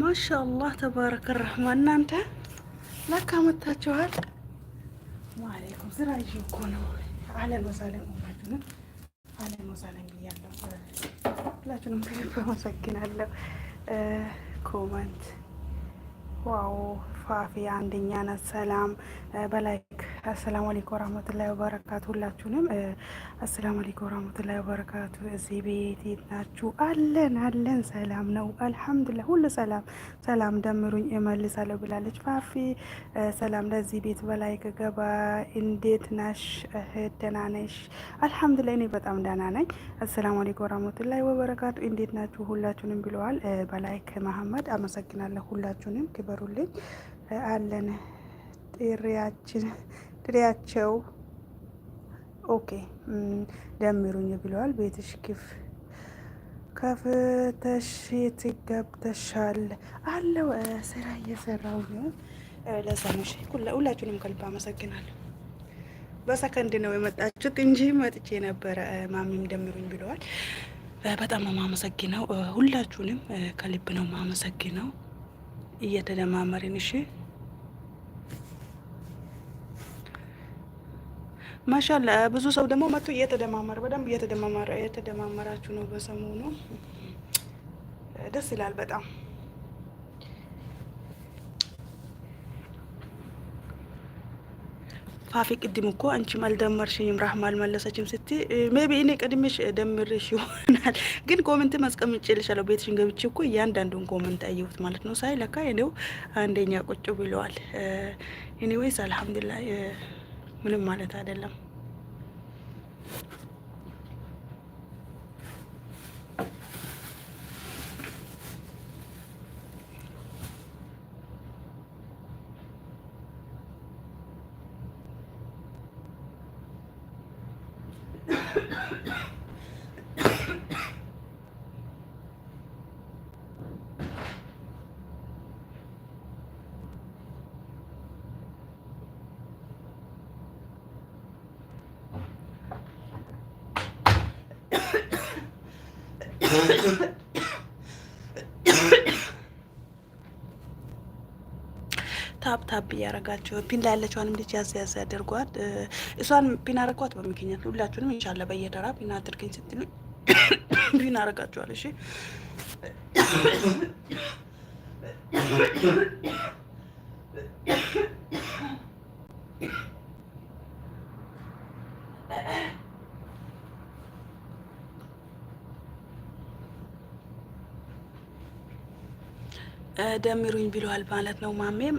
ማሻአላህ ተባረከ ረህማ። እናንተ ለካ መታችኋል። ዋአለይኩም ስራ ይዤ እኮ ነው። አለን ወሳለን ሁላችሁንም አለን ወሳለን ብያለሁ። ሁላችሁንም ከልብ አመሰግናለሁ። ኮመንት ዋው ፋፊ አንደኛ ናት። ሰላም በላይክ አሰላሙ አለይኩም ወራህመቱላሂ ወበረካቱ። ሁላችሁንም አሰላሙ አለይኩም ወራህመቱላሂ ወበረካቱ። እዚህ ቤት የት ናችሁ? አለን አለን፣ ሰላም ነው አልሐምዱሊላህ፣ ሁሉ ሰላም ሰላም። ደምሩኝ እመልሳለሁ ብላለች ፋፊ። ሰላም ለዚህ ቤት በላይ ከገባ እንዴት ናሽ እህት? ደህና ነሽ? አልሐምዱሊላህ፣ እኔ በጣም ደህና ነኝ። አሰላሙ አለይኩም ወራህመቱላሂ ወበረካቱ። እንዴት ናችሁ? ሁላችሁንም ብለዋል በላይ ከመሐመድ። አመሰግናለሁ ሁላችሁንም፣ ክበሩልኝ። አለን ጥሪያችን ፍሬያቸው ኦኬ ደምሩኝ ብለዋል። ቤትሽ ክፍ ከፍተሽ ትገብተሻል አለው። ስራ እየሰራው ነው። ለዛ ነሽ ሁላችሁንም ከልብ አመሰግናለሁ። በሰከንድ ነው የመጣችሁት እንጂ መጥቼ ነበረ። ማሚም ደምሩኝ ብለዋል። በጣም ማመሰግነው ሁላችሁንም ከልብ ነው ማመሰግነው። እየተደማመርን እሺ ማሻላ ብዙ ሰው ደግሞ መጥቶ እየተደማመረ በደንብ እየተደማመረ እየተደማመራችሁ ነው በሰሞኑ ደስ ይላል በጣም ፋፊ ቅድም እኮ አንቺም አልደመርሽኝም ራህማ አልመለሰችም ስቲ ሜቢ እኔ ቅድምሽ ደምርሽ ይሆናል ግን ኮመንት ማስቀምጬልሻለሁ ቤትሽን ገብቼ እኮ እያንዳንዱን ኮመንት አየሁት ማለት ነው ሳይ ለካ እኔው አንደኛ ቁጭ ብለዋል ኤኒዌይስ አልሐምዱሊላህ ምንም ማለት አይደለም። ታፕ ታፕ እያረጋቸው ፒን ላይ ያለችዋንም ልጅ ያዘ ያዘ ያደርጓል። እሷን ፒን አረጓት በምክንያት ሁላችሁንም እንሻለ በየደራ ፒን አድርገኝ ስትሉ ፒን አረጋችኋል። እሺ ደምሩኝ ብለዋል ማለት ነው። ማሜም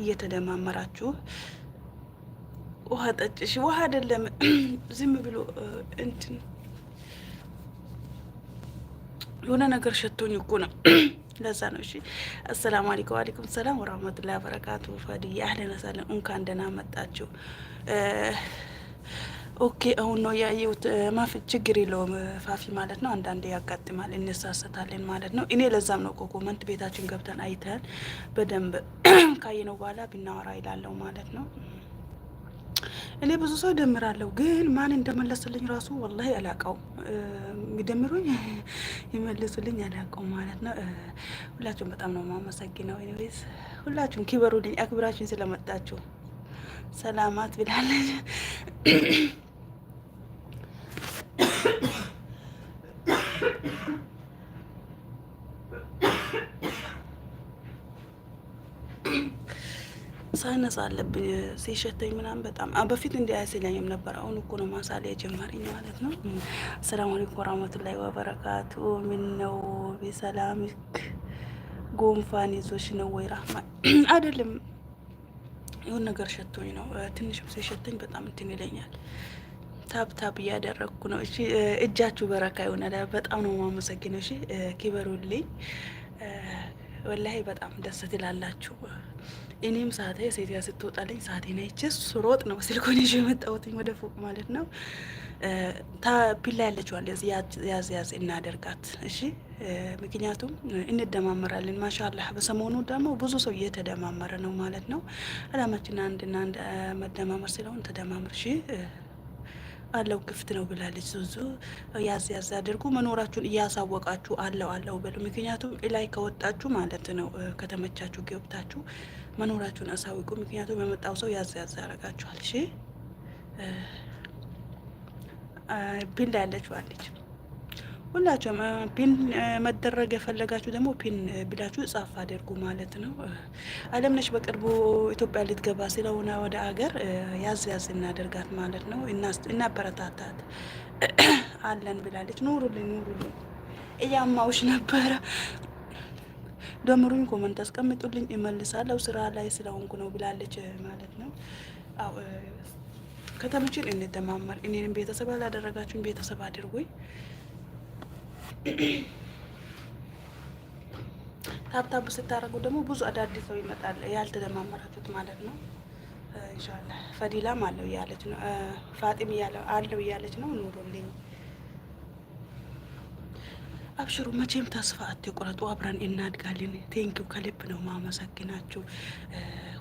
እየተደማመራችሁ ውሃ ጠጭሽ። ውሃ አይደለም ዝም ብሎ እንትን የሆነ ነገር ሸቶኝ እኮ ነው። ለዛ ነው። እሺ አሰላሙ አለይኩም ዋሊኩም ሰላም ወራህመቱላሂ ወበረካቱ። ፈድዬ አህለን ወሰህለን እንኳን ደህና መጣችሁ። ኦኬ አሁን ነው ያየሁት። ማፍ ችግር የለውም ፋፊ ማለት ነው። አንዳንዴ ያጋጥማል፣ እንሳሰታለን ማለት ነው። እኔ ለዛም ነው ኮመንት ቤታችን ገብተን አይተን በደንብ ካየነው በኋላ ብናወራ ይላለው ማለት ነው። እኔ ብዙ ሰው ደምራለሁ ግን ማን እንደመለስልኝ ራሱ ወላሂ አላቀው። የሚደምሩኝ ይመልሱልኝ አላቀው ማለት ነው። ሁላችሁም በጣም ነው ማመሰግነው። ኢኒዌይስ ሁላችሁም ኪበሩልኝ፣ አክብራችሁኝ ስለመጣችሁ። ሰላማት ብላለች። ሳነስ አለብኝ ሲሸተኝ ምናምን በጣም በፊት እንዲ አይሰለኝም ነበር። አሁን እኮ ነው ማሳል የጀመረኝ ማለት ነው። ሰላም አለይኩም ወራህመቱላሂ ወበረካቱ። ምን ነው ቢሰላምክ ጎንፋን ይዞሽ ነው ወይ? ራህማ አይደለም ይሁን ነገር ሸቶኝ ነው። ትንሽም ሲሸተኝ በጣም እንትን ይለኛል። ታብ ታብ እያደረግኩ ነው። እሺ እጃችሁ በረካ ይሆናል። በጣም ነው ማመሰግነው። እሺ ክበሩልኝ። ወላሂ በጣም ደስ ትላላችሁ። እኔም ሳተ ሴት ስትወጣለኝ ሳቴን አይቼ ስሮጥ ነው ስልኮን ይዤ የመጣሁትኝ ወደ ፎቅ ማለት ነው። ታፒላ ያለችዋል ያዝ ያዝ እናደርጋት እሺ። ምክንያቱም እንደማመራለን። ማሻአላህ በሰሞኑ ደግሞ ብዙ ሰው እየተደማመረ ነው ማለት ነው። አላማችን አንድና አንድ መደማመር ስለሆን ተደማምር እሺ። አለው ክፍት ነው ብላለች። ዙዙ ያዝ ያዝ አድርጉ መኖራችሁን እያሳወቃችሁ አለው አለው በሉ። ምክንያቱም ላይ ከወጣችሁ ማለት ነው ከተመቻችሁ ገብታችሁ መኖራችሁን አሳውቁ። ምክንያቱም የመጣው ሰው ያዝ ያዝ ያረጋችኋል። እሺ ብላለች ዋለች ሁላችሁም ፒን መደረግ የፈለጋችሁ ደግሞ ፒን ብላችሁ ጻፍ አድርጉ ማለት ነው። አለምነሽ በቅርቡ ኢትዮጵያ ልትገባ ስለሆነ ወደ አገር ያዝ ያዝ እናደርጋት ማለት ነው። እናበረታታት አለን ብላለች። ኑሩልኝ ኑሩልኝ እያማውሽ ነበረ። ደምሩኝ፣ ኮመንት አስቀምጡልኝ፣ እመልሳለሁ ስራ ላይ ስለሆንኩ ነው ብላለች ማለት ነው። ከተምችን እንደማመር እኔንም ቤተሰብ አላደረጋችሁኝ ቤተሰብ አድርጉኝ። ታብታብ ስታደርጉ ደግሞ ብዙ አዳዲስ ሰው ይመጣል፣ ያልተለማመራችሁት ማለት ነው። ኢንሻላህ ፈዲላም አለው እያለች ነው፣ ፋጢም አለው እያለች ነው። ኑሩልኝ፣ አብሽሩ፣ መቼም ተስፋ አትቆረጡ፣ አብረን እናድጋለን። ቴንኪው፣ ከልብ ነው ማመሰግናችሁ።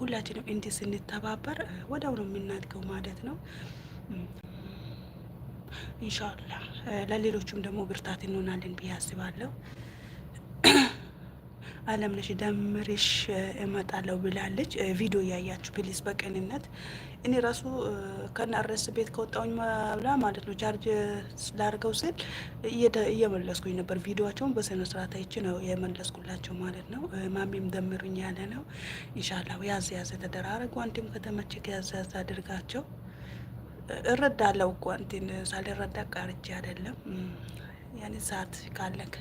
ሁላችንም እንዲህ ስንተባበር ወዲያው ነው የምናድገው ማለት ነው። ኢንሻላ ለሌሎቹም ደግሞ ብርታት እንሆናለን ብዬ አስባለሁ። አለምነሽ ደምርሽ እመጣለሁ ብላለች። ቪዲዮ ያያችሁ ፕሊስ በቅንነት እኔ ራሱ ከናረስ ቤት ከወጣውኝ ብላ ማለት ነው ቻርጅ ስላደርገው ስል እየመለስኩኝ ነበር። ቪዲዮቸውን በስነ ስርዓት አይቼ ነው የመለስኩላቸው ማለት ነው። ማሚም ደምሩኝ ያለ ነው። ኢንሻላ ያዘ ያዘ ተደራረጉ። አንድም ከተመቸክ ያዘ ያዘ አድርጋቸው። እረዳለሁ እኮ እንትን ሳልረዳ ቃርቼ አይደለም። ያኔ ሰዓት ካለክ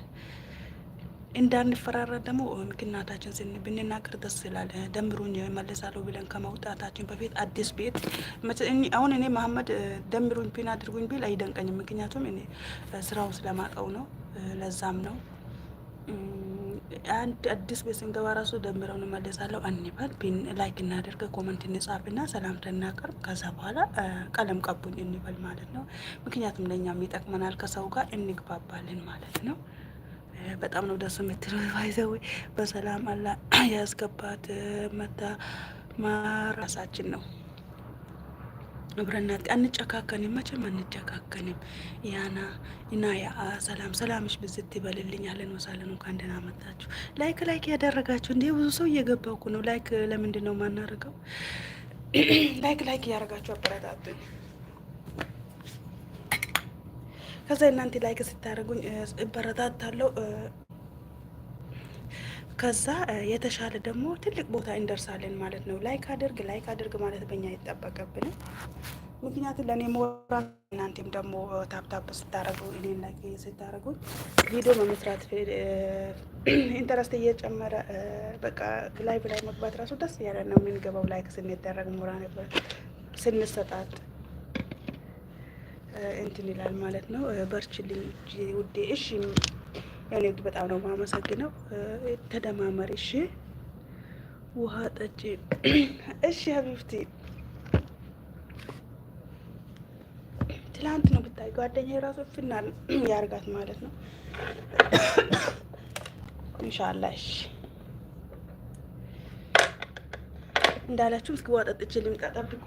እንዳንፈራረድ ደግሞ ምክንያታችን ስን ብንናገር ደስ ይላል። ደምሩኝ መለሳለሁ ብለን ከመውጣታችን በፊት አዲስ ቤት አሁን እኔ መሀመድ ደምሩኝ ፒን አድርጉኝ ቢል አይደንቀኝም። ምክንያቱም እኔ ስራው ስለማቀው ነው። ለዛም ነው አንድ አዲስ ቤት ስንገባ ራሱ ደምረው እንመለሳለሁ አንባል። ላይክ እናደርግ፣ ኮመንት እንጻፍና ሰላምታ እናቀርብ። ከዛ በኋላ ቀለም ቀቡኝ እንበል ማለት ነው። ምክንያቱም ለእኛም ይጠቅመናል፣ ከሰው ጋር እንግባባልን ማለት ነው። በጣም ነው ደስ የምትለው ባይዘዌ በሰላም አላ ያስገባት መታ ማራሳችን ነው ግብርናት አንጨካከንም፣ መቼም አንጨካከንም። ያና እና ያ ሰላም ሰላምሽ ብዝት ይበልልኝ። አለን ወሳለን እንኳን ደህና መጣችሁ። ላይክ ላይክ ያደረጋችሁ እንዲህ ብዙ ሰው እየገባው እኮ ነው። ላይክ ለምንድን ነው የማናደርገው? ላይክ ላይክ እያደረጋችሁ አበረታቱኝ። ከዛ እናንተ ላይክ ስታደርጉኝ እበረታታለሁ። ከዛ የተሻለ ደግሞ ትልቅ ቦታ እንደርሳለን ማለት ነው። ላይክ አድርግ ላይክ አድርግ ማለት በእኛ አይጠበቅብንም። ምክንያቱም ለእኔ ሞራ እናንተም ደግሞ ታፕታፕ ስታረጉ እኔን ላይክ ስታረጉ ቪዲዮ በመስራት ኢንተረስት እየጨመረ በቃ ላይ ብላይ መግባት ራሱ ደስ ያለ ነው። የምንገባው ላይክ ስንደረግ ሞራ ነበር ስንሰጣት እንትን ይላል ማለት ነው። በርችልኝ ውዴ እሺ ያኔ በጣም ነው የማመሰግነው። ተደማመሪ እሺ፣ ውሃ ጠጪ እሺ። ሀቢብቲ ትላንት ነው ብታይ ጓደኛ የራሱ ፍናል ያርጋት ማለት ነው። እንሻላ እሺ። እንዳላችሁ እስኪ ውሃ ጠጥቼ ልምጣ፣ ጠብቁ።